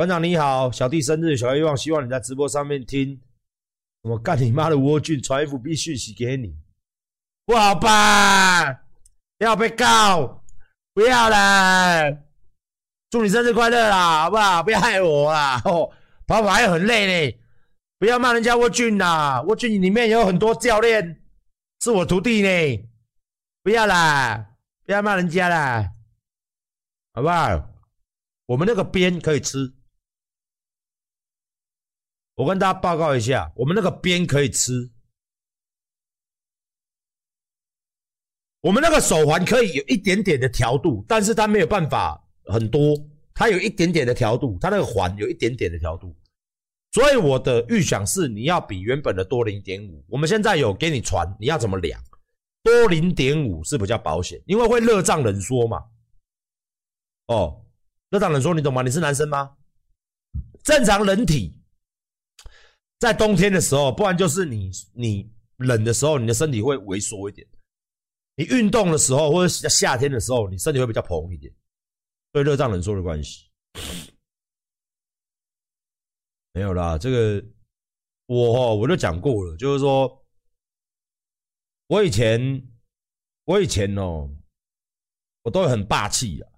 館長你好，小弟生日，小願望希望你在直播上面聽。我幹你媽的沃俊，傳一服必須洗給你，不好吧，要被告，不要啦，祝你生日快樂啦，好不好？不要害我啊、哦，跑跑還很累呢，不要罵人家沃俊啦，沃俊裡面有很多教練是我徒弟呢，不要啦，不要罵人家啦，好不好？我們那個邊可以吃。我跟大家報告一下，我們那個邊可以吃，我們那個手環可以有一點點的調度，但是它沒有辦法很多，它有一點點的調度，它那個環有一點點的調度，所以我的預想是你要比原本的多零點五。我們現在有給你傳，你要怎麼量？多零點五是比較保險，因為會熱脹冷縮嘛。哦，熱脹冷縮你懂嗎？你是男生嗎？正常人體。在冬天的時候，不然就是你你冷的時候，你的身體會萎縮一點；你運動的時候，或者夏天的時候，你身體會比較膨一點，對，熱脹冷縮的關係。 沒有啦，這個我、喔、我都講過了，就是說，我以前我以前哦、喔，我都很霸氣啊，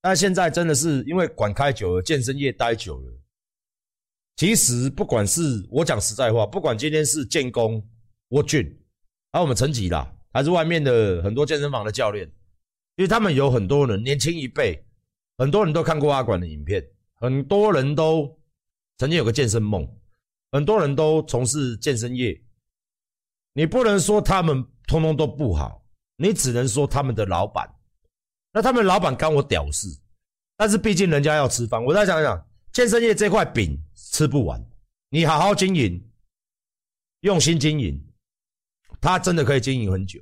但現在真的是因為館開久了，健身業待久了，其實，不管是我講實在話，不管今天是健工、沃俊，還是我們成吉啦，還是外面的很多健身房的教練，因為他們有很多人年輕一輩，很多人都看過阿館的影片，很多人都曾經有個健身夢，很多人都從事健身業。你不能說他們通通都不好，你只能說他們的老闆，那他們老闆干我屌事，但是畢竟人家要吃飯。我再想一想，健身業這塊餅。吃不完，你好好經營，用心經營，他真的可以經營很久，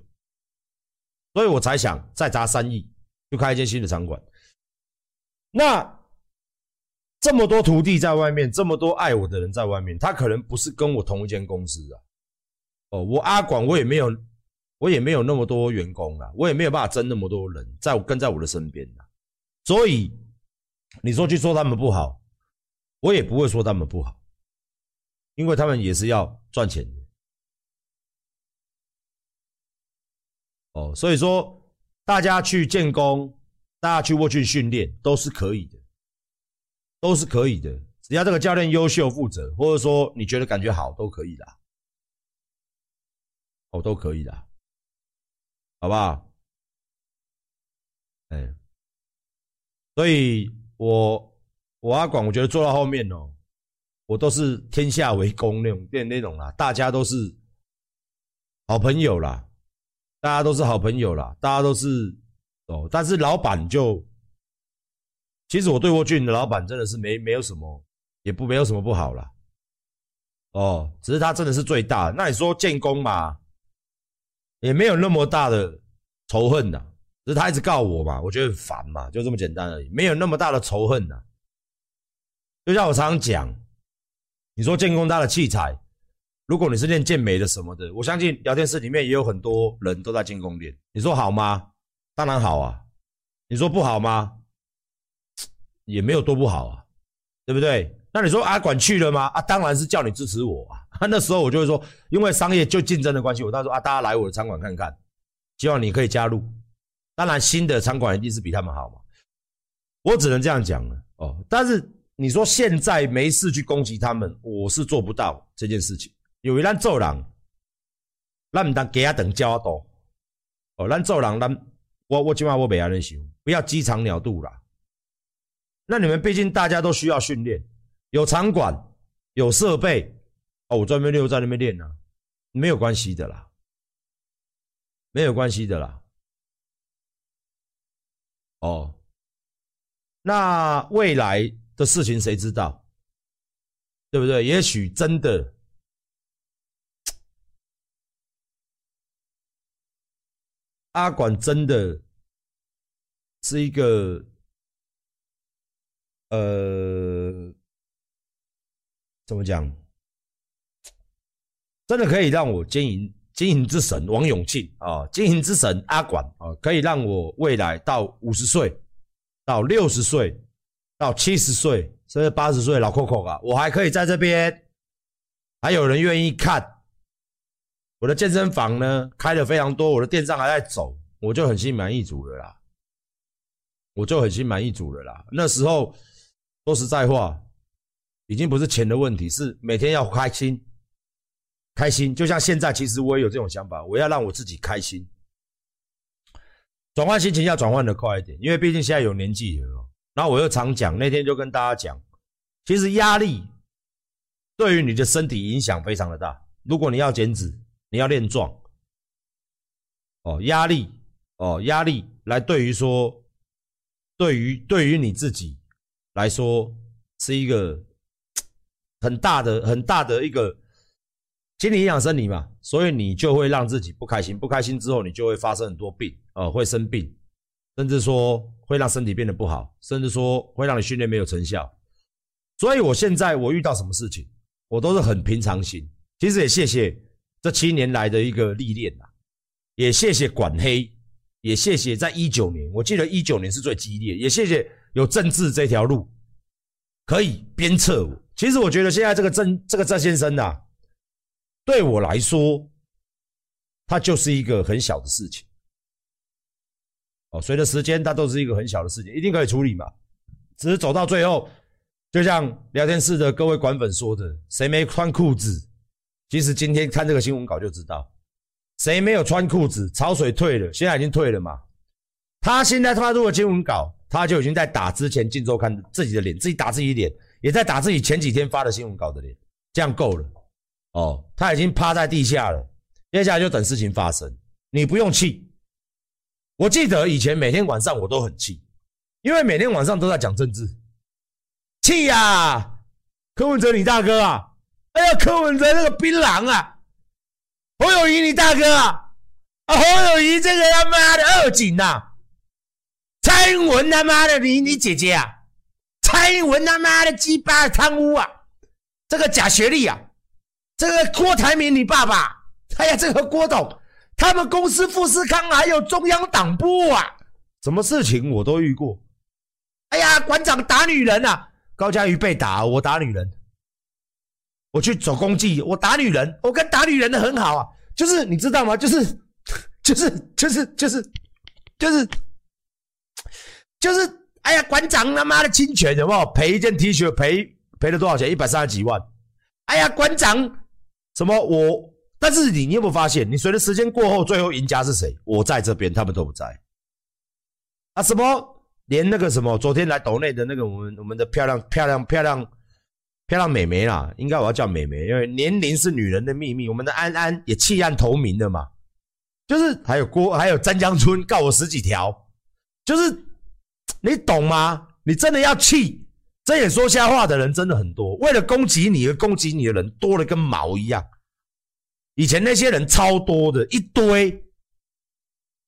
所以我才想再砸三億，就開一間新的場館。那這麼多徒弟在外面，這麼多愛我的人在外面，他可能不是跟我同一間公司啊。哦，我阿廣，我也沒有，我也沒有那麼多員工啊，我也沒有辦法爭那麼多人在我跟在我的身邊啊。所以你說去說他們不好。我也不會說他們不好，因為他們也是要賺錢的。哦，所以說大家去建功，大家去過去訓練都是可以的，都是可以的，只要這個教練優秀負責，或者說你覺得感覺好都可以啦，哦，都可以啦，好不好？哎，所以我。我阿廣，廣我覺得做到後面哦、喔，我都是天下為公那種那種啦，大家都是好朋友啦，大家都是好朋友啦，大家都是哦、喔，但是老闆就，其實我對沃俊的老闆真的是沒沒有什麼，也不沒有什麼不好啦。哦、喔，只是他真的是最大。那你說建工嘛，也沒有那麼大的仇恨啦，只是他一直告我嘛，我覺得很煩嘛，就這麼簡單而已，沒有那麼大的仇恨啦。就像我常常講，你說健工大的器材，如果你是練健美的什麼的，我相信聊天室裡面也有很多人都在健工練。你說好嗎？當然好啊。你說不好嗎？也沒有多不好啊，對不對？那你說阿、啊、管去了嗎？啊，當然是叫你支持我啊。那時候我就會說，因為商業就競爭的關係，我那時候啊，大家來我的場館看看，希望你可以加入。當然新的場館一定是比他們好嘛，我只能這樣講了哦。但是。你說現在沒事去攻擊他們，我是做不到這件事情。有人咒人，讓你當給他等教多哦。人咒人，人我我今晚我未阿能想，不要雞腸鳥肚啦。那你們畢竟大家都需要訓練，有場館，有設備哦。我專門溜在那邊練呢，沒有關係的啦，沒有關係的啦。哦，那未來。的事情誰知道，對不對？也許真的阿管真的是一個，呃，怎麼講？真的可以讓我經營經營之神王永慶啊，經營之神阿管啊，可以讓我未來到五十歲到六十歲。到七十歲甚至八十歲老扣扣啊，我還可以在這邊，還有人願意看，我的健身房呢，開的非常多，我的店賬還在走，我就很心滿意足了啦，我就很心滿意足了啦。那時候說實在話，已經不是錢的問題，是每天要開心，開心。就像現在，其實我也有這種想法，我要讓我自己開心，轉換心情要轉換的快一點，因為畢竟現在有年紀了。然後我又常講，那天就跟大家講，其實壓力對於你的身體影響非常的大。如果你要減脂，你要練壯，哦，壓力，哦，壓力，來對於說，對於對於你自己來說，是一個很大的很大的一個心理影響生理嘛，所以你就會讓自己不開心，不開心之後，你就會發生很多病，呃，會生病，甚至說。會讓身體變得不好，甚至說會讓你訓練沒有成效。所以我現在我遇到什麼事情，我都是很平常心。其實也謝謝這七年來的一個歷練吶、啊，也謝謝管黑，也謝謝在一九年，我記得一九年是最激烈，也謝謝有政治這條路可以鞭策我。其實我覺得現在這個鄭這個鄭先生吶、啊，對我來說，他就是一個很小的事情。哦，隨着時間，它都是一個很小的事情，一定可以處理嘛。只是走到最後，就像聊天室的各位管粉說的，誰沒穿褲子？其實今天看這個新聞稿就知道，誰沒有穿褲子。潮水退了，現在已經退了嘛。他現在他如果新聞稿，他就已經在打之前《鏡週刊》自己的臉，自己打自己臉，也在打自己前幾天發的新聞稿的臉，這樣夠了。哦，他已經趴在地下了，接下來就等事情發生。你不用氣。我記得以前每天晚上我都很氣，因為每天晚上都在講政治，氣呀、啊！柯文哲你大哥啊！哎呀，柯文哲那個檳榔啊！侯友宜你大哥啊！啊，侯友宜這個他媽的二警啊，蔡英文他媽的你你姐姐啊，蔡英文他媽的雞巴貪污啊，這個假學歷啊，這個郭台銘你爸爸，哎呀，這個郭董。他們公司富士康還有中央黨部啊，什麼事情我都遇過。哎呀，館長打女人啊！高嘉瑜被打，我打女人，我去走攻擊，我打女人，我跟打女人的很好啊。就是你知道嗎？就是，就是，就是，就是，就是，就是，哎呀，館長他媽的侵權，有沒有？賠一件 T 恤？賠賠了多少錢？一百三十幾萬。哎呀，館長，什麼我？但是你，你有沒有發現？你隨着時間過後，最後贏家是誰？我在這邊，他們都不在啊！什麼？連那個什麼，昨天來抖內的那個，我們我們的漂亮漂亮漂亮漂亮美眉啦，應該我要叫美眉，因為年齡是女人的秘密。我們的安安也棄暗投明的嘛，就是還有郭，還有詹江村告我十幾條，就是你懂嗎？你真的要氣睜眼說瞎話的人真的很多，為了攻擊你而攻擊你的人多的跟毛一樣。以前那些人超多的一堆，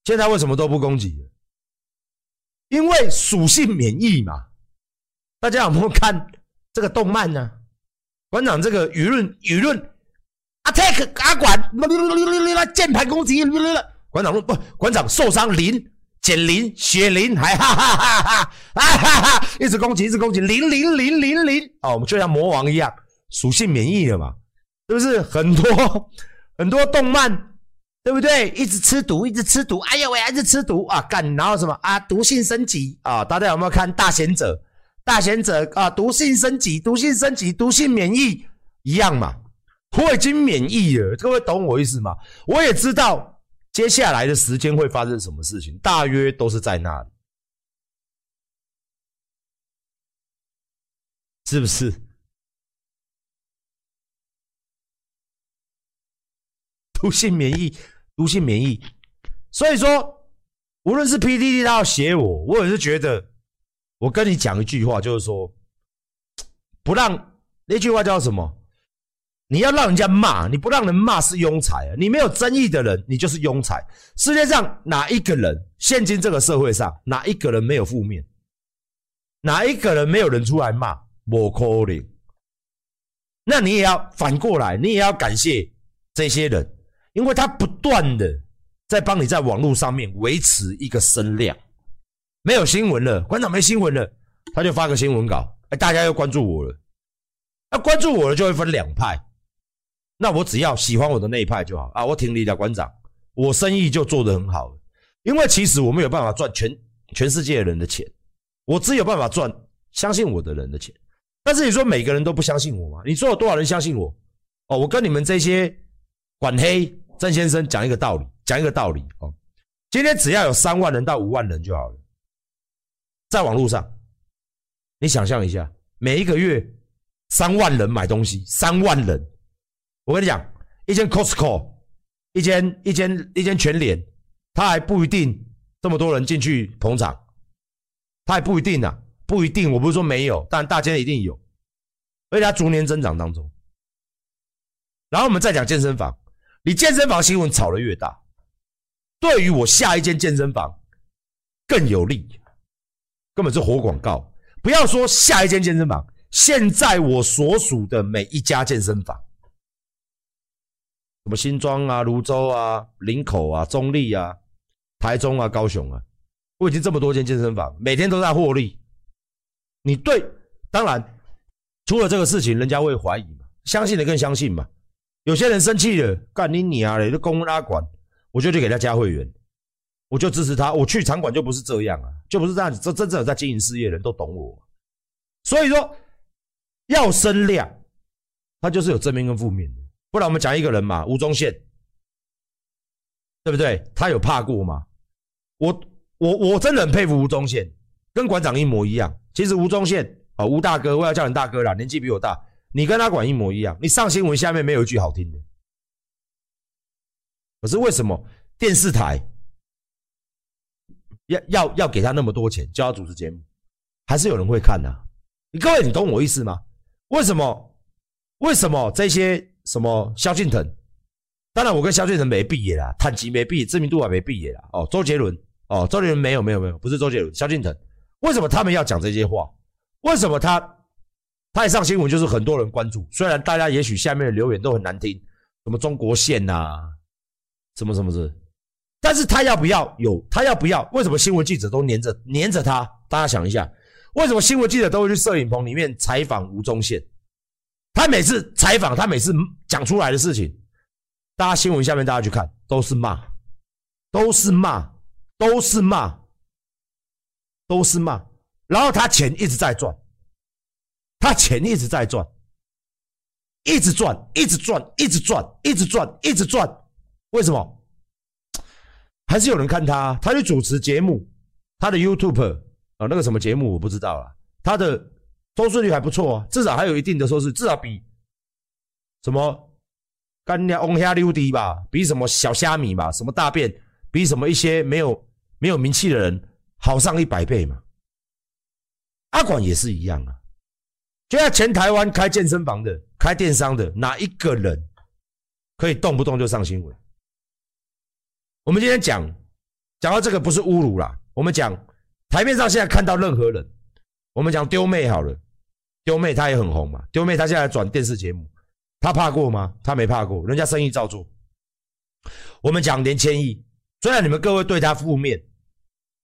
現在為什麼都不攻擊？因為屬性免疫嘛。大家有沒有看這個動漫呢、啊？館長，這個輿論輿論，attack 阿管，鍵盤攻擊，呃、館長不，館長受傷零減零血零，還哈哈哈哈，啊、哈哈，一直攻擊一直攻擊零零零零零哦，我們就像魔王一樣，屬性免疫了嘛，是、就、不是很多？很多動漫，對不對？一直吃毒，一直吃毒，哎呀喂，一直吃毒啊！幹，然後什麼啊？毒性升級啊！大家有沒有看《大賢者》大賢者？大賢者啊，毒性升級，毒性升級，毒性免疫一樣嘛？我已經免疫了，各位懂我意思嗎？我也知道接下來的時間會發生什麼事情，大約都是在那裡，是不是？毒性免疫，毒性免疫。所以說，無論是 PDD 他要寫我，我也是覺得，我跟你講一句話，就是說，不讓那句話叫什麼？你要讓人家罵，你不讓人罵是庸才啊！你沒有爭議的人，你就是庸才。世界上哪一個人？現今這個社會上哪一個人沒有負面？哪一個人沒有人出來罵？不可能。那你也要反過來，你也要感謝這些人。因為他不斷的在幫你在網絡上面維持一個聲量，沒有新聞了，館長沒新聞了，他就發個新聞稿，哎，大家又關注我了，那、啊、關注我了就會分兩派，那我只要喜歡我的那一派就好啊，我挺你的，館長，我生意就做得很好了，因為其實我沒有辦法賺全全世界的人的錢，我只有辦法賺相信我的人的錢，但是你說每個人都不相信我嗎？你說有多少人相信我？哦，我跟你們這些館黑。鄭先生講一個道理，講一個道理哦。今天只要有三萬人到五萬人就好了。在網絡上，你想象一下，每一個月三萬人買東西，三萬人。我跟你講，一間 Costco，一間一間一間全聯，他還不一定這麼多人進去捧場，他還不一定吶、啊，不一定。我不是說沒有，但大家一定有，而且他逐年增長當中。然後我們再講健身房。你健身房新聞炒得越大，對於我下一間健身房更有利，根本是活廣告。不要說下一間健身房，現在我所屬的每一家健身房，什麼新莊啊、蘆洲啊、林口啊、中壢啊、台中啊、高雄啊，我已經這麼多間健身房，每天都在獲利。你對，當然，出了這個事情，人家會懷疑嘛？相信的更相信嘛？有些人生氣了，幹你娘勒！這公會管，我就去給他加會員，我就支持他。我去場館就不是這樣啊，就不是這樣子。這真正有在經營事業的人都懂我，所以說要聲量，他就是有正面跟負面的。不然我們講一個人嘛，吳宗憲，對不對？他有怕過嗎？我我我真的很佩服吳宗憲，跟館長一模一樣。其實吳宗憲啊，吳大哥，我要叫你大哥了，年紀比我大。你跟他管一模一樣，你上新聞下面沒有一句好聽的。可是為什麼電視台要要要給他那麼多錢，叫他主持節目，還是有人會看啊？你各位，你懂我意思嗎？為什麼？為什麼這些什麼蕭敬騰？當然，我跟蕭敬騰沒畢業啦，坦誠沒畢業，知名度還沒畢業啦。哦，周杰倫哦，周杰倫沒有沒有沒有，不是周杰倫，蕭敬騰。為什麼他們要講這些話？為什麼他？他一上新聞就是很多人關注，雖然大家也許下面的留言都很難聽，什麼中國線吶、啊，什麼什麼之，但是他要不要有？他要不要？為什麼新聞記者都黏着黏着他？大家想一下，為什麼新聞記者都會去攝影棚裡面採訪吳宗憲？他每次採訪，他每次講出來的事情，大家新聞下面大家去看，都是罵，都是罵，都是罵，都是罵，然後他錢一直在賺。他錢一直在賺，一直賺，一直賺，一直賺，一直賺，一直賺。為什麼？還是有人看他、啊，他去主持節目，他的 YouTube 啊、呃，那個什麼節目我不知道啊。他的收視率還不錯啊，至少還有一定的收視，至少比什麼乾鳥嗡瞎溜滴吧，比什麼小蝦米吧，什麼大便，比什麼一些沒有沒有名氣的人好上一百倍嘛。阿管也是一樣啊。就像前台灣開健身房的，開電商的，哪一個人可以動不動就上新聞？我們今天講講到這個，不是侮辱啦。我們講台面上現在看到任何人，我們講丟妹好了，丟妹他也很紅嘛。丟妹他現在轉電視節目，他怕過嗎？他沒怕過，人家生意照做。我們講連千億，雖然你們各位對他負面，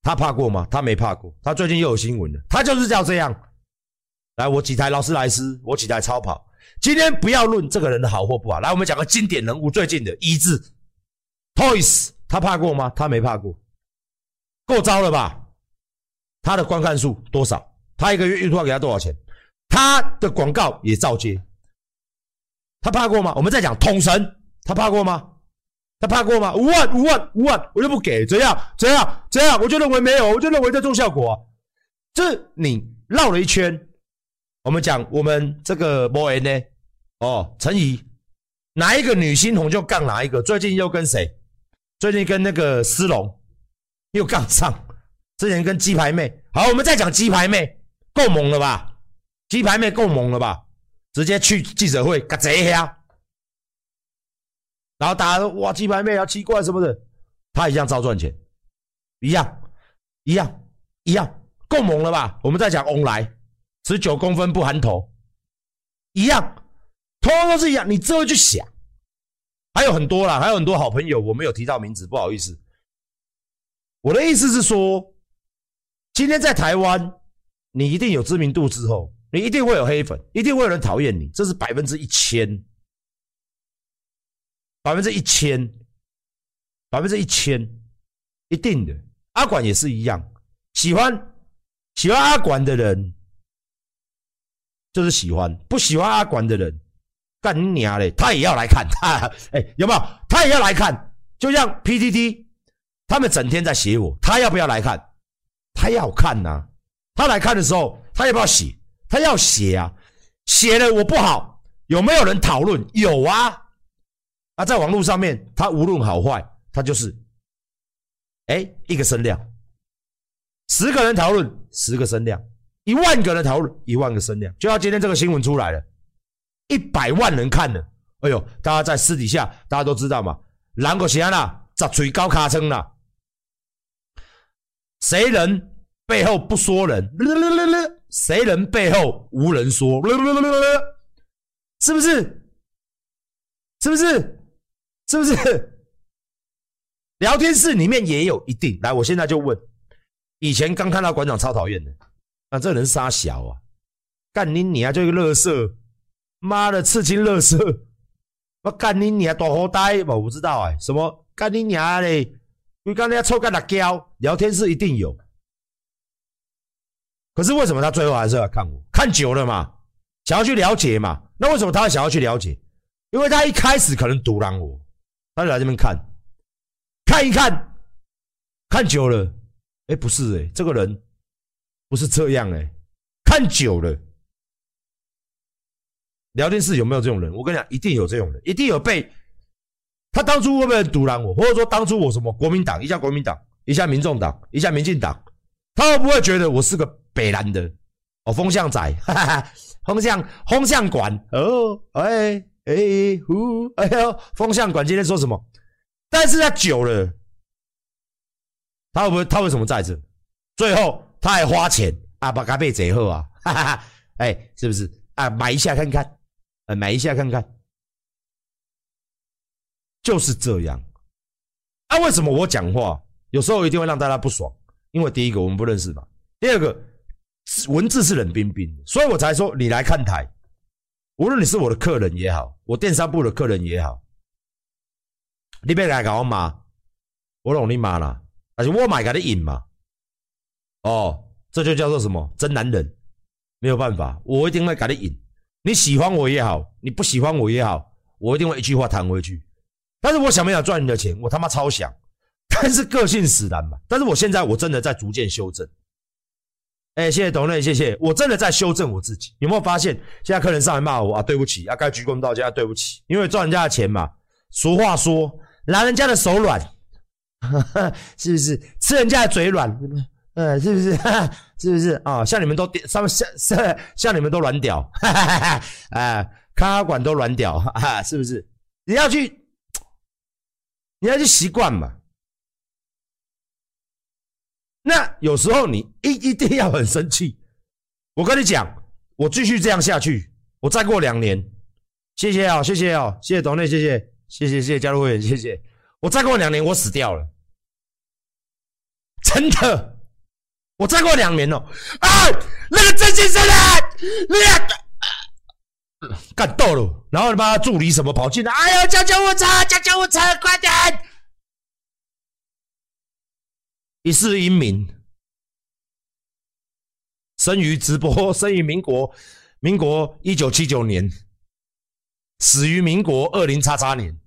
他怕過嗎？他沒怕過，他最近又有新聞了，他就是要這樣。來，我幾台勞斯萊斯，我幾台超跑。今天不要論這個人的好或不好，來，我們講個經典人物最近的一字 Toys，他怕過嗎？他沒怕過，夠招了吧？他的觀看數多少？他一個月預算給他多少錢？他的廣告也照接，他怕過嗎？我們再講統神，他怕過嗎？他怕過嗎？五萬五萬五萬，我就不給，怎樣怎樣怎樣？我就認為沒有，我就認為在做效果、啊，這你繞了一圈。我們講我們這個 b o 呢，哦，陳沂，哪一個女星紅就槓哪一個。最近又跟誰？最近跟那個思龍又槓上。之前跟雞排妹。好，我們再講雞排妹，夠猛了吧？雞排妹夠猛了吧？直接去記者會，嘎賊一下。然後大家都說哇，雞排妹好、啊、奇怪是不是？他一樣照賺錢，一樣，一樣，一樣，夠猛了吧？我們再講翁來。十九公分不含頭，一樣，通通都是一樣。你只有去想，還有很多啦，還有很多好朋友，我沒有提到名字，不好意思。我的意思是說，今天在台灣，你一定有知名度之後，你一定會有黑粉，一定會有人討厭你，這是百分之一千，百分之一千，百分之一千，1000, 一定的。阿管也是一樣，喜歡喜歡阿管的人，就是喜歡不喜歡阿管的人，幹你娘嘞！他也要來看，他，哎，有沒有？他也要來看，就像 PTT，他們整天在寫我，他要不要來看？他要看吶，啊，他來看的時候，他要不要寫？他要寫啊，寫了我不好，有沒有人討論？有啊，啊，在網絡上面，他無論好壞，他就是，哎，一個聲量，十個人討論，十個聲量。一萬個人討論，一萬個聲量，就像今天這個新聞出來了，一百萬人看了。哎呦，大家在私底下，大家都知道嘛，難過誰啊？在最高卡車啦。誰人背後不說人？呃呃呃呃、誰人背後無人說呃呃呃呃呃？是不是？是不是？是不是？聊天室裡面也有一定。來，我現在就問，以前剛看到館長超討厭的。啊，這人殺小啊！幹你娘，就一個垃圾，媽的，刺青垃圾！我幹你娘，大活呆！我不知道哎、欸，什麼幹你娘嘞？你剛才臭乾辣椒，聊天室一定有。可是為什麼他最後還是要來看我？看久了嘛，想要去了解嘛。那為什麼他想要去了解因為他一開始可能賭爛我，他就來這邊看，看一看，看久了，哎，不是哎，這個人。不是這樣哎、欸，看久了，聊天室有沒有這種人？我跟你講，一定有這種人，一定有被他當初會不會很堵攔我，或者說當初我什麼國民黨一下，國民黨一下國民，民眾黨一下民，一下民進黨，他會不會覺得我是個北藍的？哦，風向仔，哈哈風向風向館哦，哎哎呼，哎呦，風向館今天說什麼？但是他久了，他會不會他為什麼在這？最後。他還花錢啊，把咖啡最後啊，哈哈，哈。哎，是不是啊？買一下看看，啊、買一下看看，就是這樣。那、啊、為什麼我講話有時候一定會讓大家不爽？因為第一個我們不認識嘛，第二個文字是冷冰冰，所以我才說你來看台，無論你是我的客人也好，我電商部的客人也好，你別來給我罵，我讓你罵啦。但是我買給你飲嘛。哦，這就叫做什麼真男人？沒有辦法，我一定會改的硬。你喜歡我也好，你不喜歡我也好，我一定會一句話彈回去。但是我想不想賺你的錢？我他媽超想。但是個性使然嘛。但是我現在我真的在逐漸修正。哎，謝謝董瑞，謝謝。我真的在修正我自己。有沒有發現？現在客人上來罵我啊，對不起，啊，該鞠躬道歉，啊，對不起，因為賺人家的錢嘛。俗話說，拿人家的手軟，呵呵，是不是？吃人家的嘴軟。嗯、呃，是不是哈哈？是不是？哦，像你們都像像像你們都軟屌，啊哈哈哈哈、呃、咖管都軟屌哈哈，是不是？你要去，你要去習慣嘛。那有時候你一一定要很生氣，我跟你講，我繼續這樣下去，我再過兩年，謝謝哦，謝謝哦，謝謝斗內，謝謝，謝謝謝謝加入會員，謝謝，我再過兩年我死掉了，真的。.我再過兩年哦，啊，那個真心真人，你、啊、幹到了，然後他媽助理什麼跑進來，哎呦，叫救護車，叫救護車，快點！一世英名，生於直播，生於民國，民國一九七九年，死於民國二零叉叉年。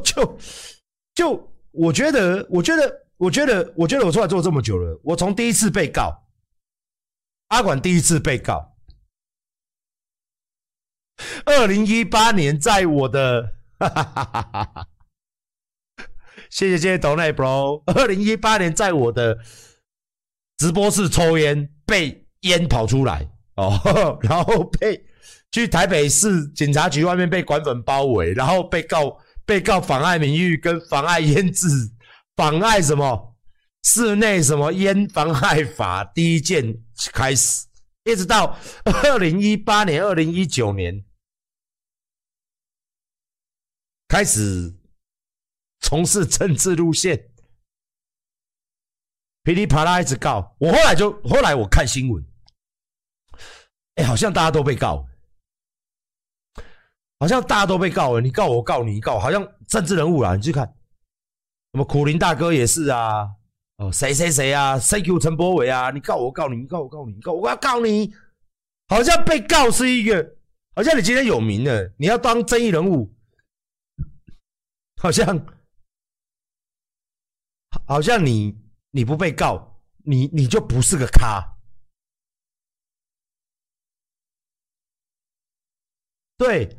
就就我覺得，我覺得，我覺得，我覺得我出來做這麼久了，我從第一次被告阿管第一次被告，二零一八年在我的，哈哈哈哈謝謝謝謝董內 Bro，二零一八年在我的直播室抽菸被煙跑出來哦呵呵，然後被去台北市警察局外面被管粉包圍，然後被告。被告妨礙名譽跟妨礙菸制，妨礙什麼室內什麼菸妨害法，第一件開始，一直到二零一八年、二零一九年開始從事政治路線，噼裡啪啦一直告。我後來就後來我看新聞，哎，好像大家都被告。好像大家都被告了，你告我，我告你，你告，好像政治人物啦，你去看什麼苦林大哥也是啊，哦，誰誰誰啊，3Q 陳柏惟啊，你告我，告你，你告我告你，你告我，要告你，好像被告是一個，好像你今天有名了，你要當爭議人物，好像好像你你不被告，你你就不是個咖，對。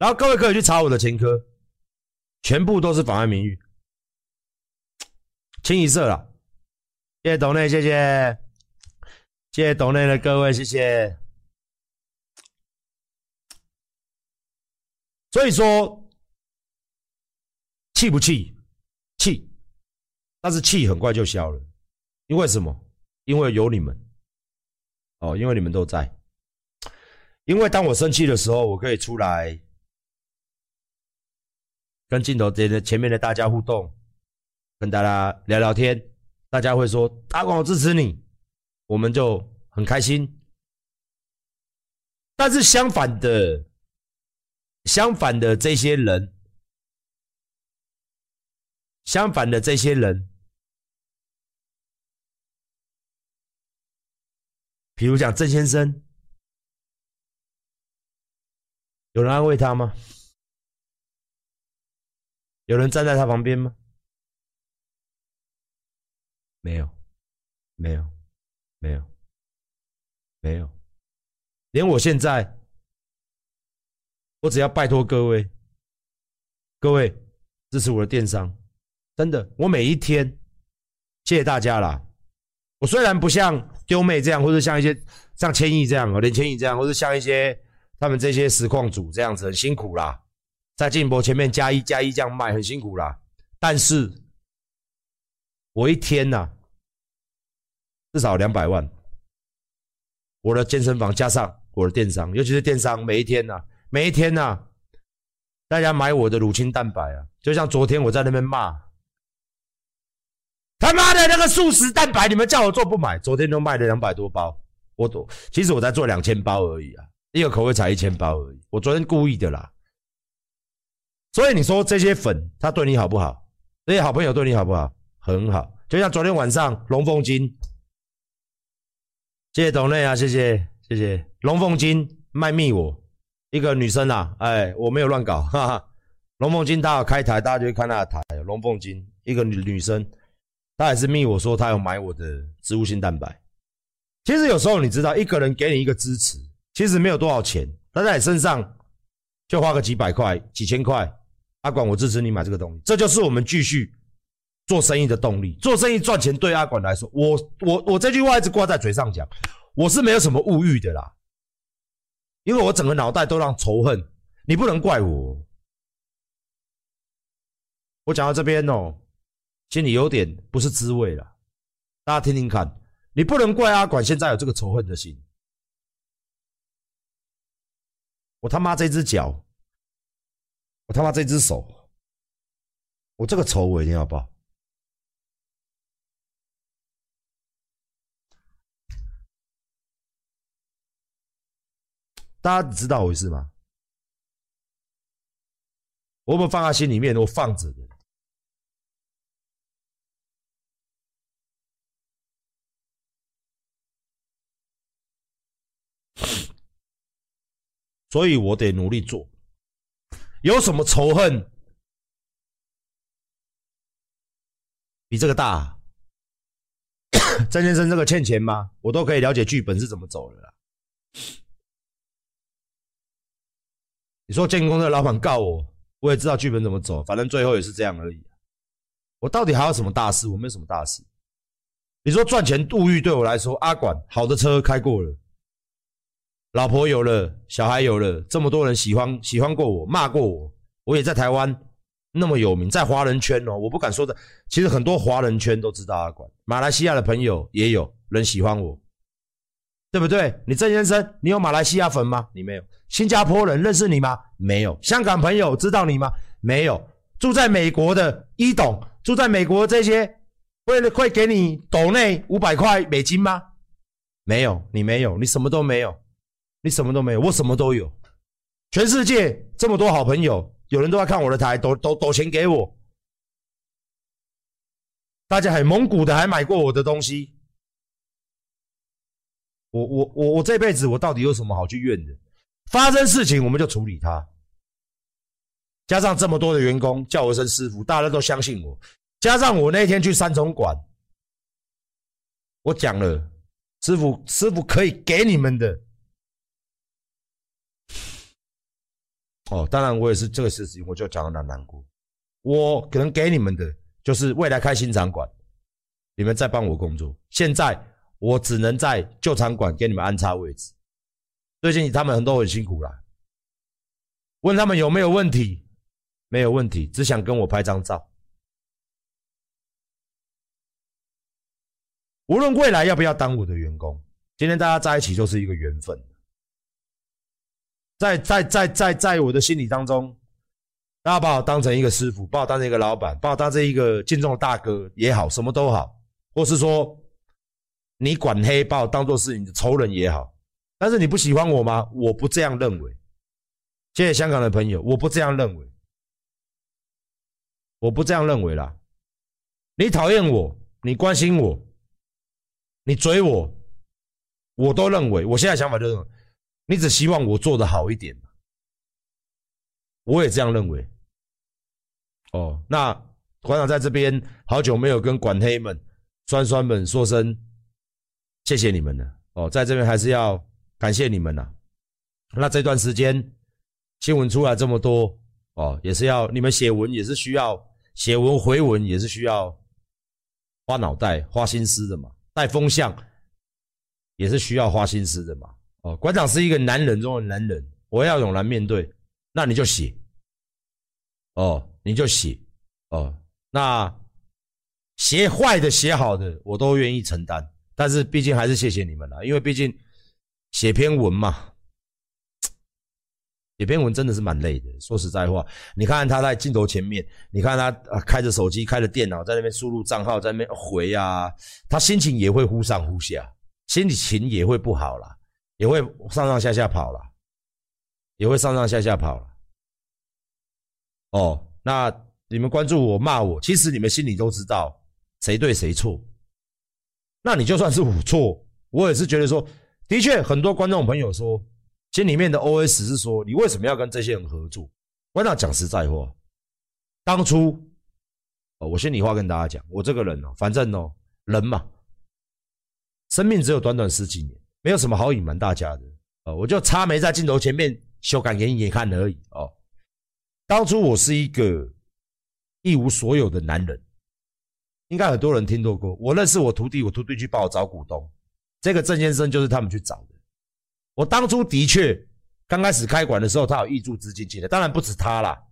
然後各位可以去查我的前科，全部都是妨害名譽，清一色啦。謝謝斗內，謝謝，謝謝斗內的各位，謝謝。所以說，氣不氣？氣，但是氣很快就消了。因為什麼？因為有你們，哦，因為你們都在。因為當我生氣的時候，我可以出來。跟鏡頭前的前面的大家互動，跟大家聊聊天，大家會說館長，我支持你，我們就很開心。但是相反的，相反的這些人，相反的這些人，比如講鄭先生，有人安慰他嗎？有人站在他旁邊嗎？沒有，沒有，沒有，沒有。連我現在，我只要拜托各位，各位支持我的電商，真的，我每一天，謝謝大家啦！我雖然不像丟妹這樣，或者像一些像千億這樣啊、喔，連千億這樣，或者像一些他們這些實況主這樣子，很辛苦啦。在勁播前面加一加一這樣賣很辛苦啦，但是，我一天吶、啊，至少有兩百萬。我的健身房加上我的電商，尤其是電商，每一天吶、啊，每一天吶、啊，大家買我的乳清蛋白啊，就像昨天我在那邊罵，他媽的那個素食蛋白，你們叫我做不買，昨天都賣了兩百多包，我，其實我在做兩千包而已啊，一個口味才一千包而已，我昨天故意的啦。所以你說這些粉他對你好不好？這些好朋友對你好不好？很好。就像昨天晚上龍鳳金，謝謝斗內啊，謝謝謝謝龍鳳金賣蜜我一個女生啊，哎、欸、我沒有亂搞，哈哈。龍鳳金他要開台，大家就會看他的台。龍鳳金一個女女生，她也是密我說，說她有買我的植物性蛋白。其實有時候你知道，一個人給你一個支持，其實沒有多少錢，他在你身上就花個幾百塊、幾千塊。阿管，我支持你買這個東西，這就是我們繼續做生意的動力。做生意賺錢，對阿管來說，我、我、我這句話一直掛在嘴上講，我是沒有什麼物欲的啦，因為我整個腦袋都讓仇恨。你不能怪我。我講到這邊哦，心裡有點不是滋味了。大家聽聽看，你不能怪阿管，現在有這個仇恨的心。我他媽這隻腳。我他媽這隻手，我這個仇我一定要報。大家知道我意思嗎？我會不會放在心裡面，我放着的。所以我得努力做。有什麼仇恨？比這個大，啊？張 先生，這個欠錢嗎？我都可以了解劇本是怎麼走的啦。你說建工的老闆告我，我也知道劇本怎麼走，反正最後也是這樣而已。我到底還有什麼大事？我沒有什麼大事。你說賺錢度日對我來說，啊，阿管好的車開過了。老婆有了，小孩有了，這麼多人喜歡喜歡過我，罵過我，我也在台灣那麼有名，在華人圈哦，我不敢說的。其實很多華人圈都知道阿館，馬來西亞的朋友也有人喜歡我，對不對？你鄭先生，你有馬來西亞粉嗎？你沒有。新加坡人認識你嗎？沒有。香港朋友知道你嗎？沒有。住在美國的伊董，住在美國的這些，為了會給你斗內五百塊美金嗎？沒有，你沒有，你什麼都沒有。你什麼都沒有，我什麼都有。全世界這麼多好朋友，有人都在看我的台，抖抖錢給我。大家還蒙古的還買過我的東西。我我我我這輩子我到底有什麼好去怨的？發生事情我們就處理它。加上這麼多的員工叫我一聲師傅，大家都相信我。加上我那天去三重館，我講了，嗯、師傅師傅可以給你們的。哦，當然我也是這個事情，我就講得難難過。我可能給你們的就是未來開新場館，你們在幫我工作。現在我只能在舊場館給你們安插位置。最近他們很多很辛苦啦。問他們有沒有問題？沒有問題，只想跟我拍張照。無論未來要不要當我的員工，今天大家在一起就是一個緣分。在在在在在我的心裡當中，大家把我當成一個師傅，把我當成一個老闆，把我當成一個敬重的大哥也好，什麼都好，或是說你管黑把我當做是你的仇人也好，但是你不喜歡我嗎？我不這樣認為。謝謝香港的朋友，我不這樣認為，我不這樣認為啦。你討厭我，你關心我，你追我，我都認為。我現在想法就是。你只希望我做得好一點，我也這樣認為。哦，那館長在這邊好久沒有跟館黑們、酸酸們說聲謝謝你們了。哦，在這邊還是要感謝你們吶。那這段時間新聞出來這麼多，哦，也是要你們寫文，也是需要寫文回文，也是需要花腦袋、花心思的嘛。帶風向也是需要花心思的嘛。哦，館長是一個男人中的男人，我要勇敢面對。那你就寫，哦，你就寫，哦，那寫壞的寫好的我都願意承擔。但是畢竟還是謝謝你們了，因為畢竟寫篇文嘛，寫篇文真的是蠻累的。說實在話，你看他在鏡頭前面，你看他開着手機，開着電腦在那邊輸入賬號，在那邊回啊，他心情也會忽上忽下，心情也會不好了。也會上上下下跑了，也會上上下下跑了。哦，那你們關注我罵我，其實你們心裡都知道誰對誰錯。那你就算是我錯，我也是覺得說，的確很多觀眾朋友說，心裡面的 OS 是說，你為什麼要跟這些人合作？我跟大家講實在話，當初，哦、我心裡話跟大家講，我這個人呢、哦，反正呢、哦，人嘛，生命只有短短十幾年。沒有什麼好隱瞞大家的，呃，我就差沒在鏡頭前面修改給你也看而已哦。當初我是一個一無所有的男人，應該很多人聽說過。我認識我徒弟，我徒弟去幫我找股東，這個鄭先生就是他們去找的。我當初的確剛開始開館的時候，他有挹注資金進來，當然不止他啦。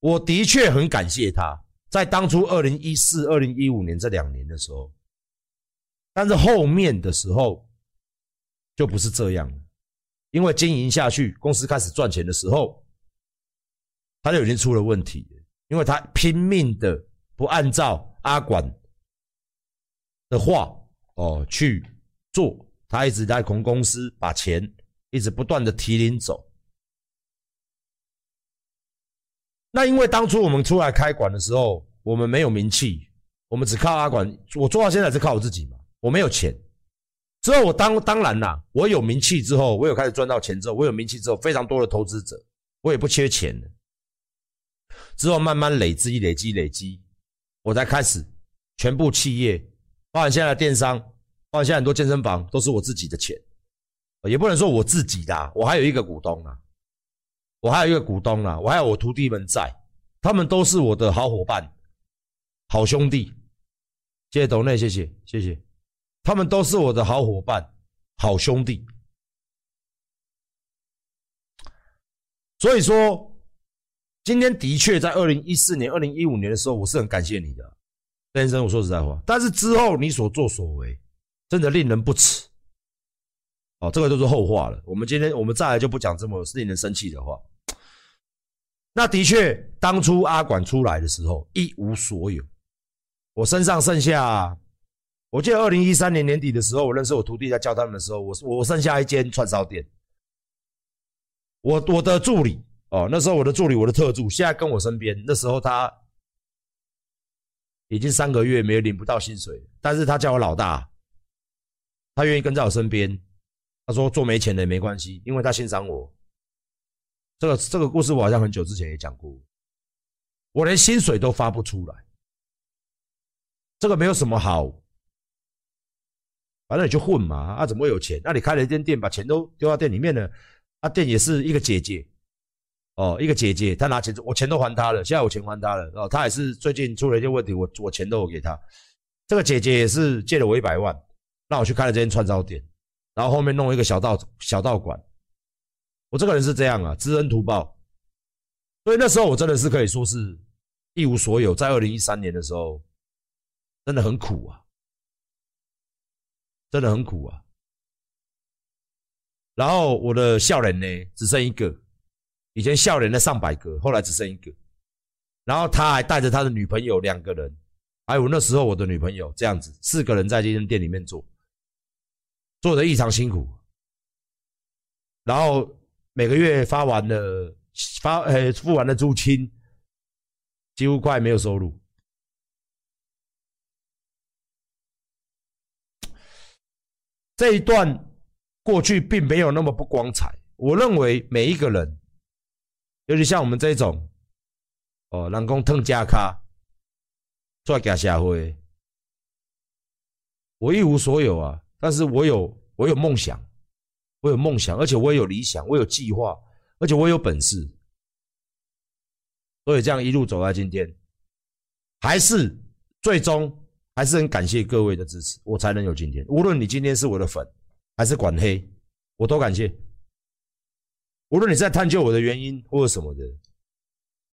我的確很感謝他，在當初二零一四、二零一五年這兩年的時候，但是後面的時候。就不是這樣了，因為經營下去，公司開始賺錢的時候，他就已經出了問題，因為他拼命的不按照阿管的話哦、呃、去做，他一直在同公司把錢一直不斷的提領走。那因為當初我們出來開館的時候，我們沒有名氣，我們只靠阿管，我做到現在是靠我自己嘛，我沒有錢。之後我當當然啦，我有名氣之後，我有開始賺到錢之後，我有名氣之後，非常多的投資者，我也不缺錢了。之後慢慢累積、累積、累積，我才開始全部企業，包括現在的電商，包括現在很多健身房都是我自己的錢，也不能說我自己的、啊，我還有一個股東啦、啊，我還有一個股東啦、啊，我還有我徒弟們在，他們都是我的好夥伴、好兄弟。謝謝斗內，謝謝謝謝。他們都是我的好夥伴、好兄弟，所以說，今天的確在二零一四年、二零一五年的時候，我是很感謝你的，賴先生。我說實在話，但是之後你所作所為，真的令人不齒。哦，這個都是後話了。我們今天，我們再來就不講這麼是令人生氣的話。那的確，當初阿管出來的時候一無所有，我身上剩下。我記得二零一三年年底的時候，我認識我徒弟在教他們的時候，我我剩下一間串燒店，我我的助理哦，那時候我的助理，我的特助，現在跟我身邊，那時候他已經三個月沒有領不到薪水，但是他叫我老大，他願意跟在我身邊，他說做沒錢的也沒關係，因為他欣賞我。這個這個故事我好像很久之前也講過，我連薪水都發不出來，這個沒有什麼好。反正你就混嘛，啊，怎麼會有錢？那你開了一間店，把錢都丟到店裡面了，啊，店也是一個姐姐，哦，一個姐姐，她拿錢，我錢都還她了，現在我錢還她了，哦，她也是最近出了一些問題，我我錢都有給她，這個姐姐也是借了我一百萬，讓我去開了這間串燒店，然後後面弄一個小道小道館，我這個人是這樣啊，知恩圖報，所以那時候我真的是可以說是一無所有，在二零一三年的時候，真的很苦啊。真的很苦啊！然後我的笑臉呢，只剩一個。以前笑臉的上百個，後來只剩一個。然後他還帶着他的女朋友兩個人，還有那時候我的女朋友這樣子，四個人在這間店裡面做，做的異常辛苦。然後每個月發完了，發呃、欸、付完了租金，幾乎快沒有收入。這一段過去並沒有那麼不光彩。我認為每一個人，尤其像我們這種，哦、呃，人工吞家咖抓家社會，我一無所有啊，但是我有我有夢想，我有夢想，而且我有理想，我有計劃，而且我有本事，所以這樣一路走到今天，還是最終。還是很感謝各位的支持，我才能有今天。無論你今天是我的粉還是管黑，我都感謝。無論你在探究我的原因或者什麼的。